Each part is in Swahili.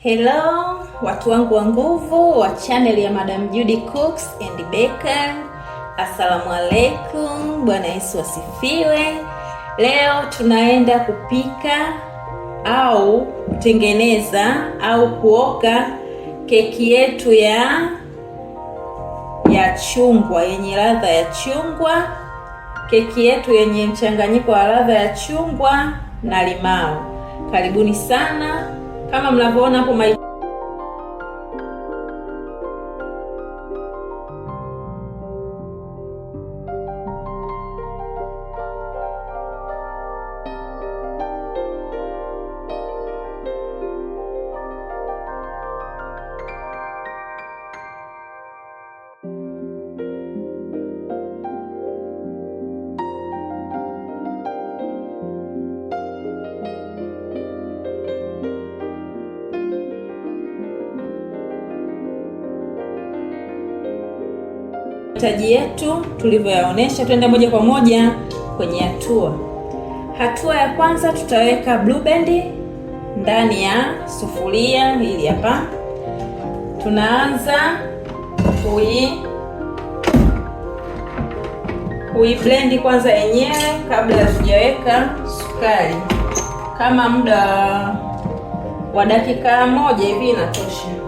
Hello watu wangu wa nguvu wa channel ya Madam Judy Cooks and Baker. Asalamu alaikum, Bwana Yesu asifiwe. Leo tunaenda kupika au kutengeneza au kuoka keki yetu ya ya chungwa yenye ladha ya chungwa, keki yetu yenye mchanganyiko wa ladha ya chungwa na limao. Karibuni sana kama mnavyoona hapo mai mahitaji yetu tulivyoyaonesha, tuende moja kwa moja kwenye hatua. Hatua ya kwanza tutaweka blue band ndani ya sufuria hili hapa. Tunaanza kui blend kwanza yenyewe kabla ya kujaweka sukari, kama muda wa dakika moja hivi inatosha.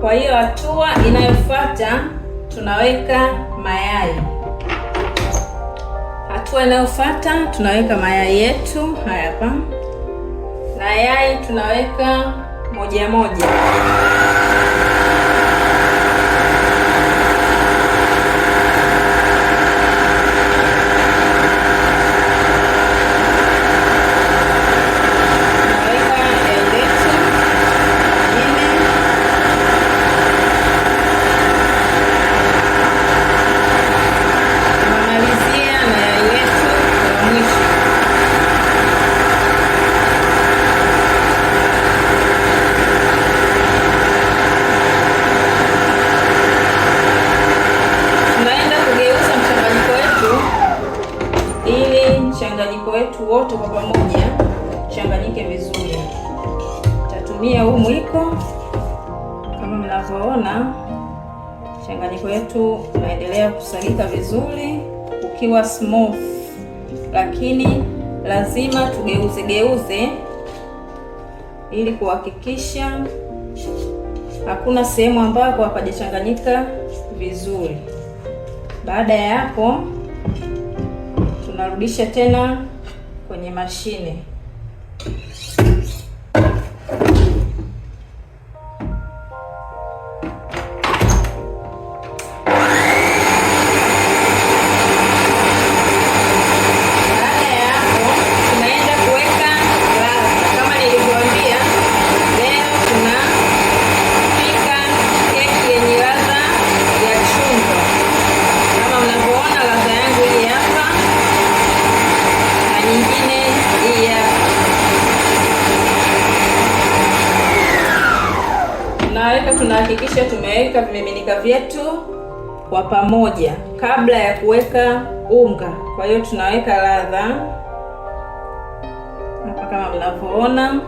Kwa hiyo hatua inayofuata tunaweka mayai. Hatua inayofuata tunaweka mayai yetu haya hapa, na yai tunaweka moja moja. kusagika vizuri ukiwa smooth, lakini lazima tugeuze geuze ili kuhakikisha hakuna sehemu ambako hapajachanganyika vizuri. Baada ya hapo, tunarudisha tena kwenye mashine. tunahakikisha tumeweka vimiminika vyetu kwa pamoja kabla ya kuweka unga. Kwa hiyo tunaweka ladha hapa kama mnavyoona.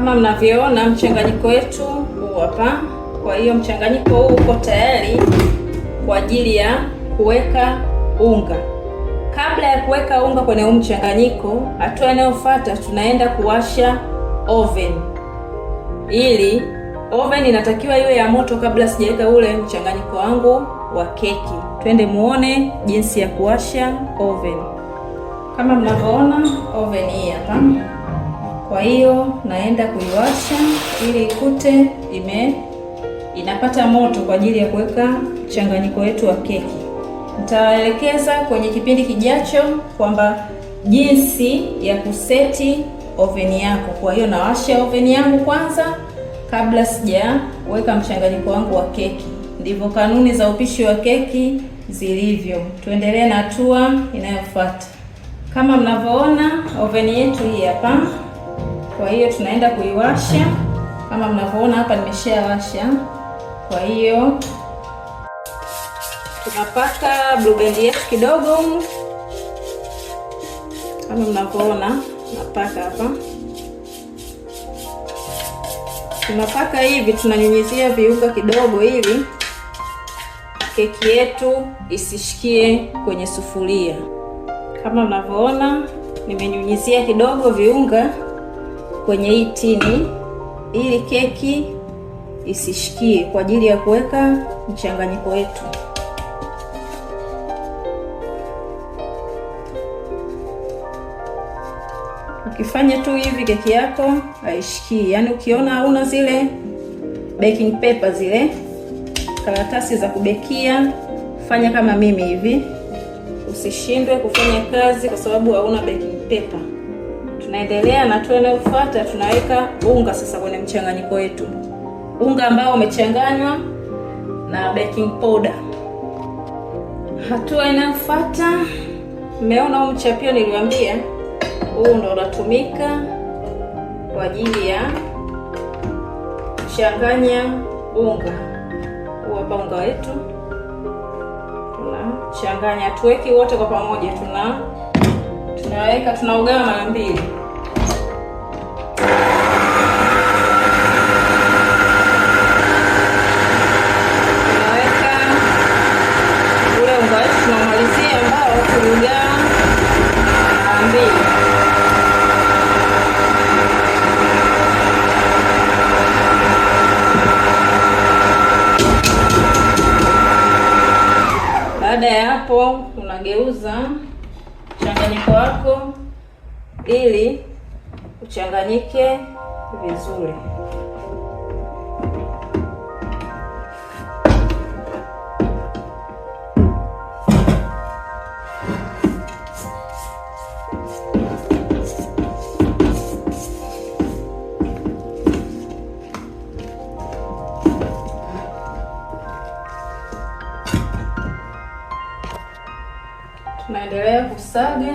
Kama mnavyoona mchanganyiko wetu huu hapa. Kwa hiyo mchanganyiko huu uko tayari kwa ajili ya kuweka unga. Kabla ya kuweka unga kwenye huu mchanganyiko, hatua inayofuata tunaenda kuwasha oven, ili oven inatakiwa iwe ya moto kabla sijaweka ule mchanganyiko wangu wa keki. Twende muone jinsi ya kuwasha oven. Kama mnavyoona oven hii hapa kwa hiyo naenda kuiwasha ili ikute ime inapata moto kwa ajili ya kuweka mchanganyiko wetu wa keki. Nitawaelekeza kwenye kipindi kijacho kwamba jinsi ya kuseti oveni yako. Kwa hiyo nawasha oveni yangu kwanza kabla sijaweka mchanganyiko wangu wa keki. Ndivyo kanuni za upishi wa keki zilivyo. Tuendelee na hatua inayofuata. Kama mnavyoona oveni yetu hii hapa kwa hiyo tunaenda kuiwasha kama mnavyoona hapa, nimeshawasha. Kwa hiyo tunapaka blueband yetu kidogo, kama mnavyoona napaka hapa. Tunapaka hivi, tunanyunyizia viunga kidogo hivi, keki yetu isishikie kwenye sufuria. Kama mnavyoona nimenyunyizia kidogo viunga kwenye hii tini ili keki isishikie, kwa ajili ya kuweka mchanganyiko wetu. Ukifanya tu hivi keki yako haishikii. Yaani ukiona hauna zile baking paper, zile karatasi za kubekia, fanya kama mimi hivi, usishindwe kufanya kazi kwa sababu hauna baking paper tunaendelea na hatua inayofuata, tunaweka unga sasa kwenye mchanganyiko wetu, unga ambao umechanganywa na baking powder. Hatua inayofuata, mmeona huu mchapio niliwaambia, huu ndo unatumika kwa ajili ya kuchanganya unga. Huu hapa unga wetu tunachanganya, tuweki wote kwa pamoja, tuna tunaweka tunaugawa mara mbili. ili uchanganyike vizuri. Tunaendelea kusaga.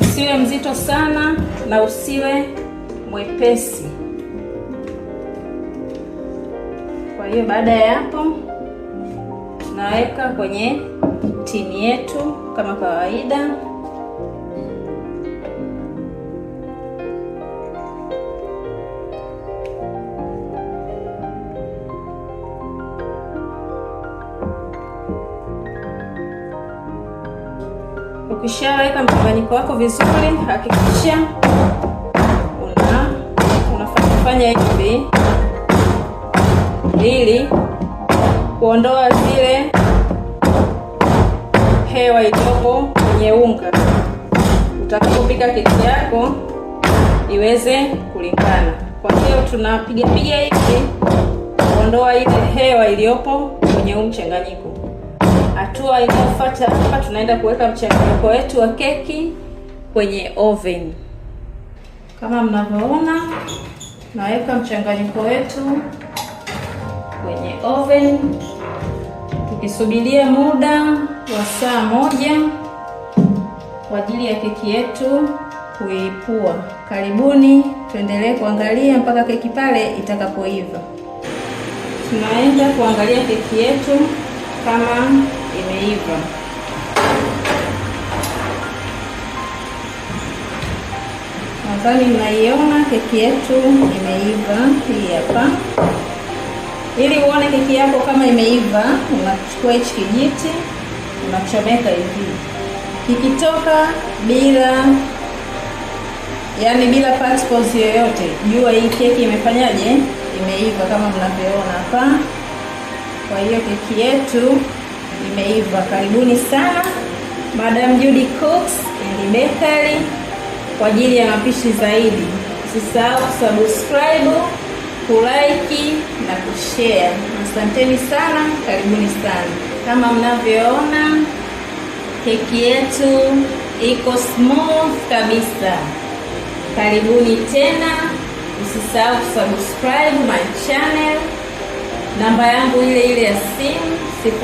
Usiwe mzito sana na usiwe mwepesi. Kwa hiyo baada ya hapo, tunaweka kwenye tini yetu kama kawaida. Ukishaweka mchanganyiko wako vizuri, hakikisha una unafanya hivi ili kuondoa zile hewa iliyopo kwenye unga, utakapopika keki yako iweze kulingana. Kwa hiyo tunapigapiga hivi kuondoa ile hewa iliyopo kwenye huu mchanganyiko. Hatua inayofuata hapa, tunaenda kuweka mchanganyiko wetu wa keki kwenye oven. Kama mnavyoona, naweka mchanganyiko wetu kwenye oven tukisubiria muda wa saa moja kwa ajili ya keki yetu kuipua. Karibuni, tuendelee kuangalia mpaka keki pale itakapoiva. Tunaenda kuangalia keki yetu kama imeiva. Nadhani mnaiona keki yetu imeiva hii hapa. Ili uone keki yako kama imeiva, unachukua hichi kijiti unachomeka hivi, kikitoka bila yani, bila particles yoyote, jua hii keki imefanyaje, imeiva kama mnavyoona hapa. Kwa hiyo keki yetu imeiva. Karibuni sana Madam Judy Cooks and Bakery kwa ajili ya mapishi zaidi. Usisahau subscribe, kulike na kushare. Asanteni sana, karibuni sana. Kama mnavyoona keki yetu iko smooth kabisa. Karibuni tena, usisahau subscribe my channel namba yangu ile ile ya simu 0679696119.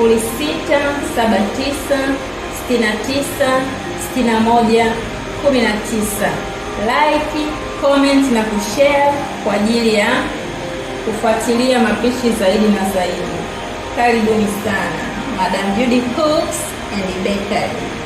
Like, comment na kushare kwa ajili ya kufuatilia mapishi zaidi na zaidi. Karibuni sana Madam Judy Cooks and Bakery.